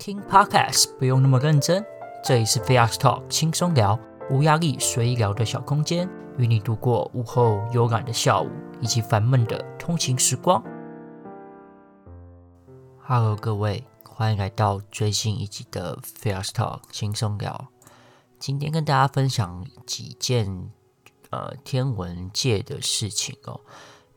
聽 Podcast 不用那麼認真，這裡是 Fair Talk 輕鬆聊，無壓力隨意聊的小空間，與你度過午後悠然的下午，以及煩悶的通勤時光。Hello，各位，歡迎來到最新一集的 Fair Talk 輕鬆聊。今天跟大家分享幾件呃天文界的事情哦，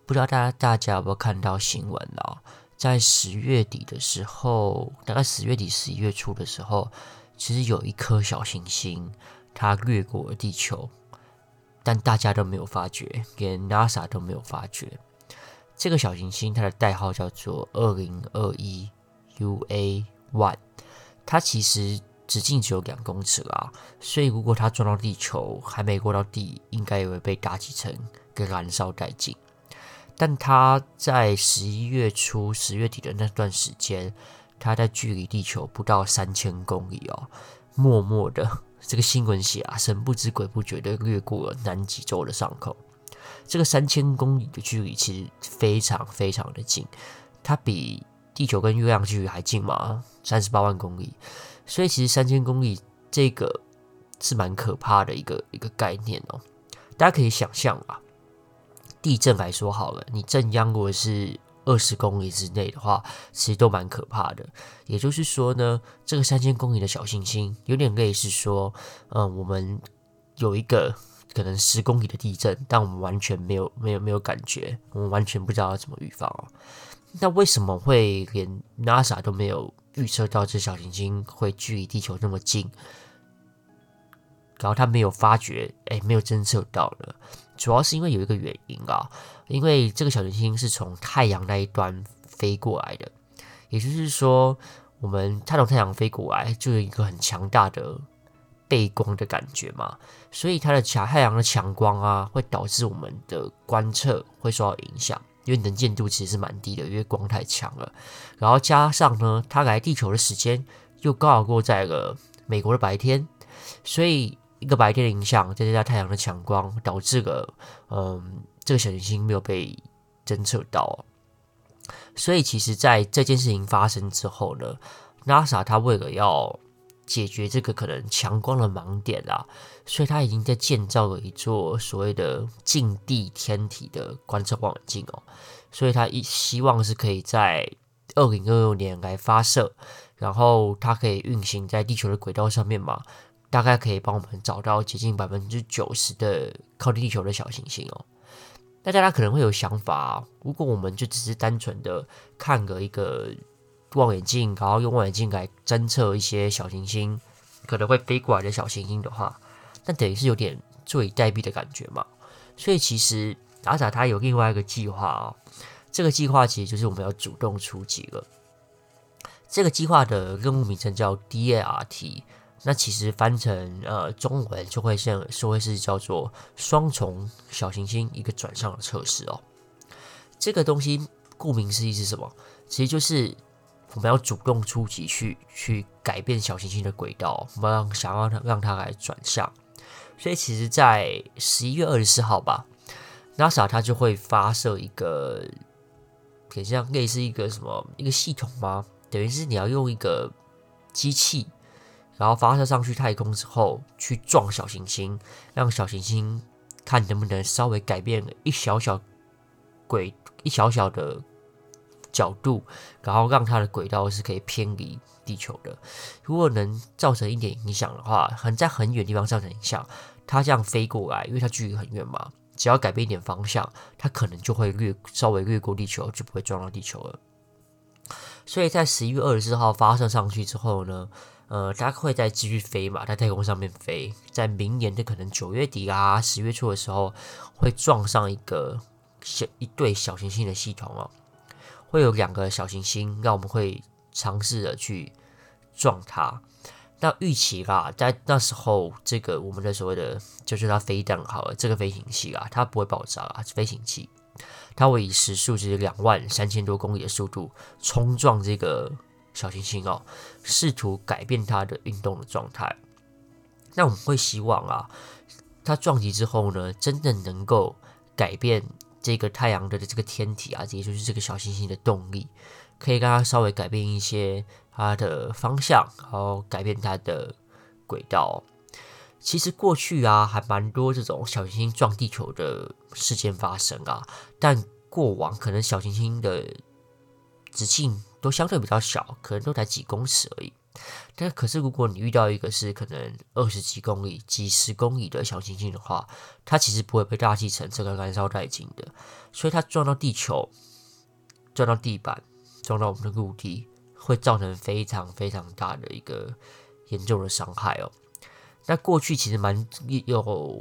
不知道大家大家有沒有看到新聞哦？在十月底的時候，大概十月底、十一月初的時候，其實有一顆小行星它掠過了地球，但大家都沒有發覺，連 NASA 都沒有發覺。這個小行星它的代號叫做二零二一 UA One，它其實直徑只有兩公尺啦，所以如果它撞到地球，還沒過到地，應該也會被大氣層給燃燒殆盡。但他在十一月初、十月底的那段時間，他在距離地球不到三千公里哦，默默的，這個新聞寫啊，神不知鬼不覺地掠過了南極洲的上空。這個三千公里的距離其實非常非常的近，它比地球跟月亮距離還近嘛，三十八萬公里。所以其實三千公里這個是蠻可怕的一個一個概念哦，大家可以想象啊。地震來說好了，你震央如果是二十公里之內的話，其實都蠻可怕的。也就是說呢，這個三千公里的小行星，星有點類似說，嗯、呃，我們有一個可能十公里的地震，但我們完全沒有、沒有、沒有感覺，我們完全不知道要怎麼預防。那為什麼會連 NASA 都沒有預測到這小行星，星會距離地球那麼近，然後他沒有發覺，哎、欸，沒有偵測到了。主要是因為有一個原因啊，因為這個小行星是從太陽那一端飛過來的，也就是說，我們它從太陽飛過來，就有一個很強大的背光的感覺嘛，所以它的強太陽的強光啊，會導致我們的觀測會受到影響，因為能見度其實是蠻低的，因為光太強了，然後加上呢，它來地球的時間又剛好過在了美國的白天，所以。一個白天的影響，再加上太陽的強光，導致了，嗯，這個小行星沒有被偵測到。所以，其實，在這件事情發生之後呢，NASA 他為了要解決這個可能強光的盲點啊，所以他已經在建造了一座所謂的近地天體的觀測望遠鏡哦。所以，他一希望是可以在二零二六年來發射，然後它可以運行在地球的軌道上面嘛。大概可以幫我們找到接近百分之九十的靠近地，地球的小行星哦、喔。那大家可能會有想法、啊，如果我們就只是單純的看個一個望遠鏡，然後用望遠鏡來偵測一些小行星可能會飛過來的小行星的話，那等於是有點坐以待斃的感覺嘛。所以其實 NASA 他有另外一個計劃啊，這個計劃其實就是我們要主動出擊了。這個計劃的任務名稱叫 DART。那其實翻成呃中文就會像說，是叫做“雙重小行星一個轉向的測試”哦。這個東西顧名思義是什麼？其實就是我們要主動出擊，去去改變小行星的軌道，我們要想要讓它讓它來轉向。所以其實，在十一月二十四號吧，NASA 它就會發射一個，很像類似一個什麼一個系統嗎？等於是你要用一個機器。然後發射上去太空之後，去撞小行星，讓小行星看能不能稍微改變一小小軌一小小的角度，然後讓它的軌道是可以偏離地球的。如果能造成一點影響的話，很在很遠的地方造成影響，它這樣飛過來，因為它距離很遠嘛，只要改變一點方向，它可能就會略稍微略過地球，就不會撞到地球了。所以在十一月二十四號發射上去之後呢？呃，它會在繼續飛嘛，在太空上面飛，在明年的可能九月底啊、十月初的時候，會撞上一個小一對小行星的系統哦、啊，會有兩個小行星，讓我們會嘗試着去撞它。那預期啦，在那時候，這個我們的所謂的就是它飛彈好了，這個飛行器啊，它不會爆炸啊，飛行器，它會以時速就是兩萬三千多公里的速度衝撞這個。小行星哦，試圖改變它的運動的狀態。那我們會希望啊，它撞擊之後呢，真的能夠改變這個太陽的這個天體啊，也就是這個小行星的動力，可以讓它稍微改變一些它的方向，然後改變它的軌道。其實過去啊，還蠻多這種小行星撞地球的事件發生啊，但過往可能小行星的直徑。都相對比較小，可能都才幾公尺而已。但可是，如果你遇到一個是可能二十幾公里、幾十公里的小行星的話，它其實不會被大氣層這個燃燒殆盡的，所以它撞到地球、撞到地板、撞到我們的陸地，會造成非常非常大的一個嚴重的傷害哦。那過去其實蠻有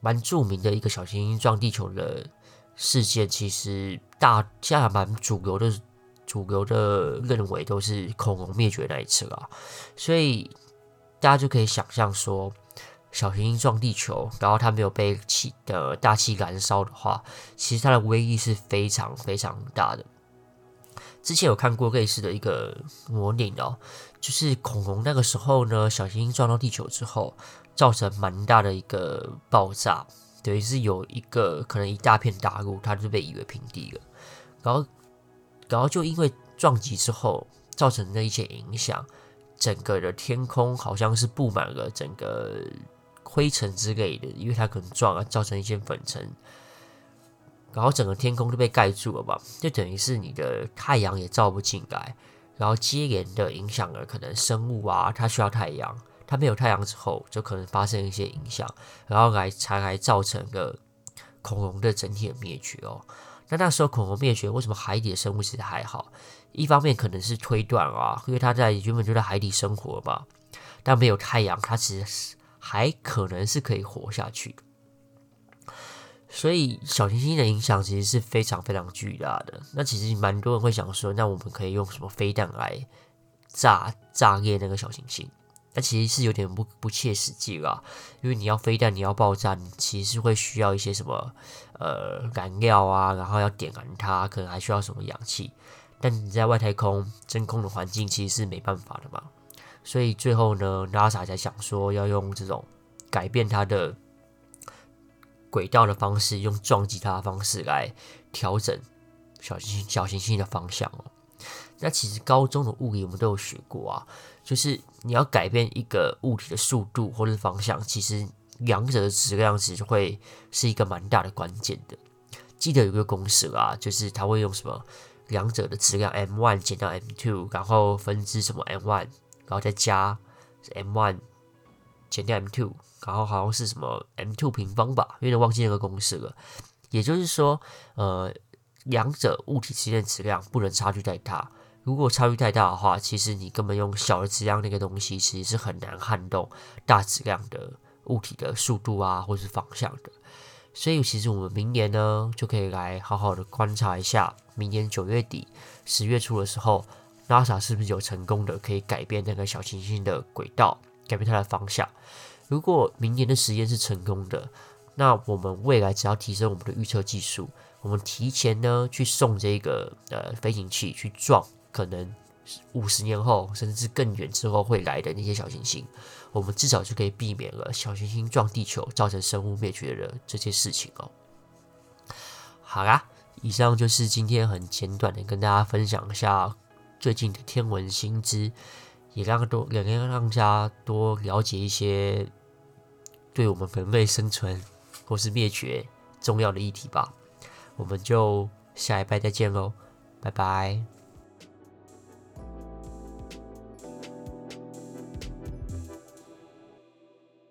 蠻著名的一個小行星撞地球的事件，其實大家蠻主流的。主流的認為都是恐龍滅絕那一次了，所以大家就可以想象說，小行星撞地球，然後它沒有被氣的大氣燃燒的話，其實它的威力是非常非常大的。之前有看過類似的一個模擬哦，就是恐龍那個時候呢，小行星撞到地球之後，造成蠻大的一個爆炸，等於是有一個可能一大片大陸，它就被夷為平地了，然後。然後就因為撞擊之後造成的一些影響，整個的天空好像是布滿了整個灰塵之類的，因為它可能撞了，造成一些粉塵，然後整個天空都被蓋住了吧，就等於是你的太陽也照不進來，然後接連的影響了可能生物啊，它需要太陽，它沒有太陽之後就可能發生一些影響，然後來才來造成了恐龍的整體的滅絕哦。那那時候恐龍滅絕，為什麼海底的生物其實還好？一方面可能是推斷啊，因為它在原本就在海底生活嘛，但沒有太陽，它其實還可能是可以活下去。所以小行星的影響其實是非常非常巨大的。那其實蠻多人會想說，那我們可以用什麼飛彈來炸炸裂那個小行星？那其實是有點不不切實際啦，因為你要飛彈，你要爆炸，你其實是會需要一些什麼呃燃料啊，然後要點燃它，可能還需要什麼氧氣。但你在外太空真空的環境，其實是沒辦法的嘛。所以最後呢，NASA 才想說要用這種改變它的軌道的方式，用撞擊它的方式來調整小行星小行星的方向哦。那其實高中的物理我們都有學過啊，就是你要改變一個物體的速度或者是方向，其實兩者的質量值就會是一個蠻大的關鍵的。記得有一個公式啊，就是他會用什麼兩者的質量 m one 減掉 m two，然後分之什麼 m one，然後再加 m one 減掉 m two，然後好像是什麼 m two 平方吧，因為忘記那個公式了。也就是說，呃，兩者物體之間的質量不能差距太大。如果差距太大的話，其實你根本用小的質量那個東西，其實是很難撼動大質量的物體的速度啊，或是方向的。所以，其實我們明年呢，就可以來好好的觀察一下，明年九月底、十月初的時候，NASA 是不是有成功的可以改變那個小行星的軌道，改變它的方向。如果明年的時間是成功的，那我們未來只要提升我們的預測技術，我們提前呢去送這個呃飛行器去撞。可能五十年後，甚至更遠之後會來的那些小行星，我們至少就可以避免了小行星撞地球造成生物滅絕的這些事情哦。好啦，以上就是今天很簡短的跟大家分享一下最近的天文新知，也讓多也讓大家多了解一些對我們人類生存或是滅絕重要的議題吧。我們就下禮拜再見嘍，拜拜。